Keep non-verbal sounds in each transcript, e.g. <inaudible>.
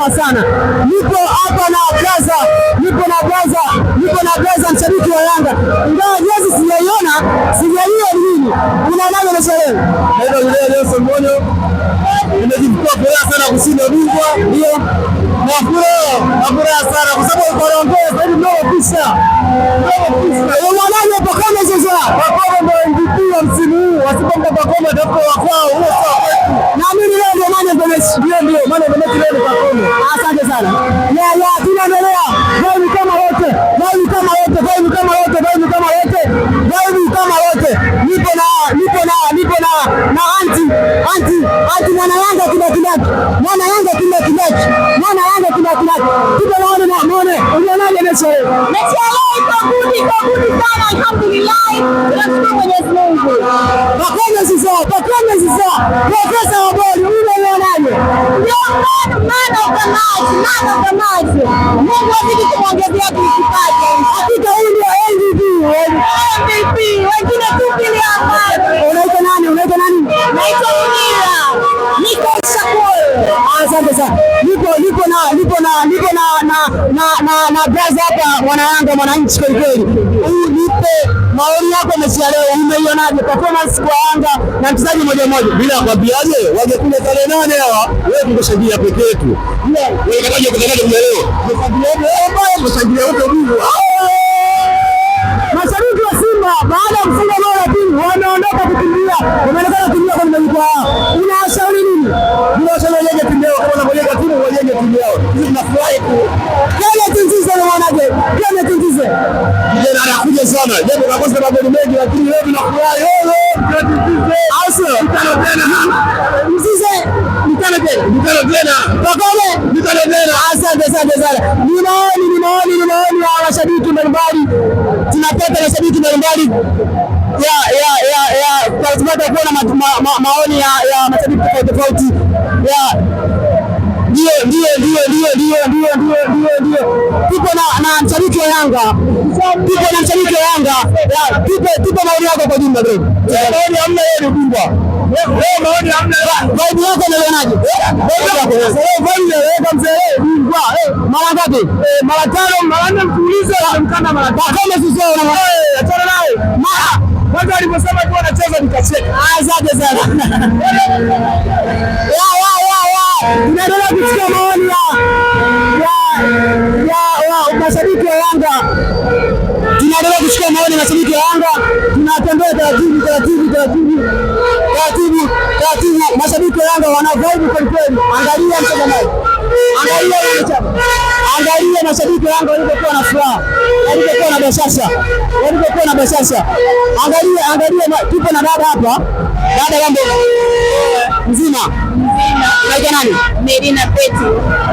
sana sana. Nipo hapa na blaza, nipo na blaza, nipo na blaza mshabiki wa Yanga, ingawa jezi sijaiona, sijajua ni nini. Unaonaje mechi leo? Nelson Monyo imejivua furaha sana kushinda bingwa, ndio na furaha na furaha sana kwa sababu kwa anaongea sasa hivi ndio pisa ndio eh, hapo kama sasa, Kwa pakome ndio MVP wa msimu huu, wasipompa pakome kwa kwao huo sawa na mimi Yes, ndio ndio, maana mechi leo ni Pacome. Asante sana. La la, tunaendelea. Wewe kama wote, wewe kama wote, wewe kama wote, wewe kama wote, wewe kama wote. Nipo na nipo na nipo na na anti anti anti mwana Yanga kina kinaki. Mwana Yanga kina kinaki. Mwana Yanga kina kinaki. Tuko naona na muone. Unaonaje mechi leo? Mungu. Pacome sasa, Pacome sasa. Man of the night, man of the night. Não vou te responder, Beatriz, pai. A vida Yanga sasa. Nipo nipo na nipo na nipo na na na na, na braza hapa mwana Yanga mwananchi kweli kweli. Huu nipe maoni yako mechi ya leo, umeionaje performance kwa Yanga na mchezaji mmoja mmoja? Bila kwambiaje, waje kule tarehe nane hawa, wewe tungeshagia peke yetu. Wewe kataje kutangazwa leo. Msajili tunafurahi tu. Jana tunzize na mwanaje. Jana tunzize. Jana maoni ya mashabiki mbalimbali. Tunapata mashabiki mbalimbali. Ya ya ya ya tunapata kuona maoni ya mashabiki tofauti tofauti. Ya ndio ndio ndio ndio ndio ndio ndio ndio ndio, tupo na na mshabiki wa Yanga, tupo na mshabiki wa Yanga. Tupe tupe maoni yako kwa jumla bro, eh, maoni hamna yeye ubingwa leo, maoni hamna. Vibe yako unaionaje? Eh, vibe eh, mzee bingwa mara ngapi? Mara tano, mara nne mfululizo, mkana mara tano kama sisi na mara naye mara ah, kwanza aliposema tu anacheza nikacheka. Ah, asante sana. <laughs> tunaendelea kusikia maoni ya mashabiki wa Yanga, tunaendelea kusikia maoni ya mashabiki wa Yanga. Tunatembea taratibu taratibu taratibu taratibu taratibu, mashabiki wa Yanga wana vibe kweli kweli. Angalia mtazamaji, angalia wanachama, angalia mashabiki wa Yanga walivyokuwa na furaha, walivyokuwa na bashasha, walivyokuwa na bashasha. Angalia, angalia, tupo na dada hapa, dada mambo mzima Unaitwa nani? Peti.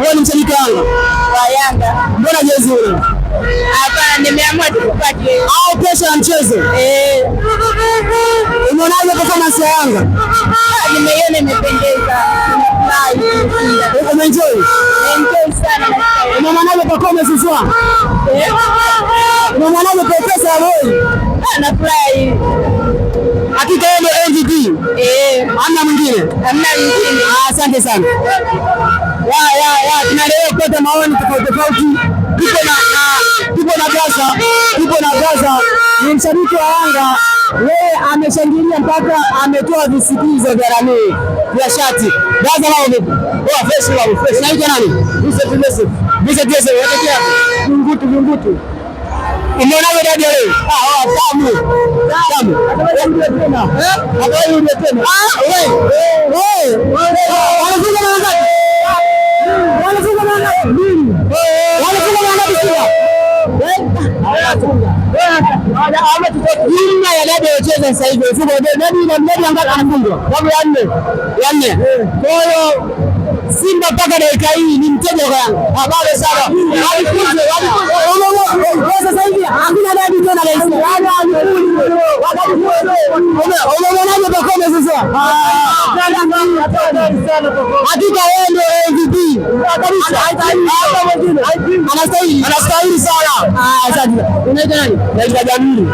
Wewe ni mshabiki wa Yanga? Wa Yanga. Mbona jezi huna? Hapana, nimeamua tu kukaa jezi. Au pesa ya mchezo? Eh. Unaonaje performance ya Yanga? Ah, nimeiona imependeza. Umeenjoy? Nimeenjoy sana. Unamwanaje performance sasa? Eh. Unamwanaje ya leo? Anafurahi. Ah, Hakika yeye ndio MVP. Eh. Hamna mwingine, hamna mwingine. Ah, asante sana. Ya ya Tunaendelea kupata maoni tofauti tofauti. Tuko na tuko na Gaza, tuko na Gaza. Ni mshabiki wa Yanga, Wewe ameshangilia mpaka ametoa visikizo vya nani vya shati. Gaza lao vipi? Oh, fresh lao, fresh. Naitwa nani? Vincent Joseph. Vincent Joseph, unatokea? Vingutu, Vingutu. wewe dadi leo? Ah, ah, sawa. Jumla ya dabi wacheza sasa hivi ya nne. Kwa hiyo Simba mpaka dakika hii ni mteja kwa Yanga. Habari sana. hakika yeye ndio MVP. Anastahili sana. Unaitwa nani? Naitwa Jamili.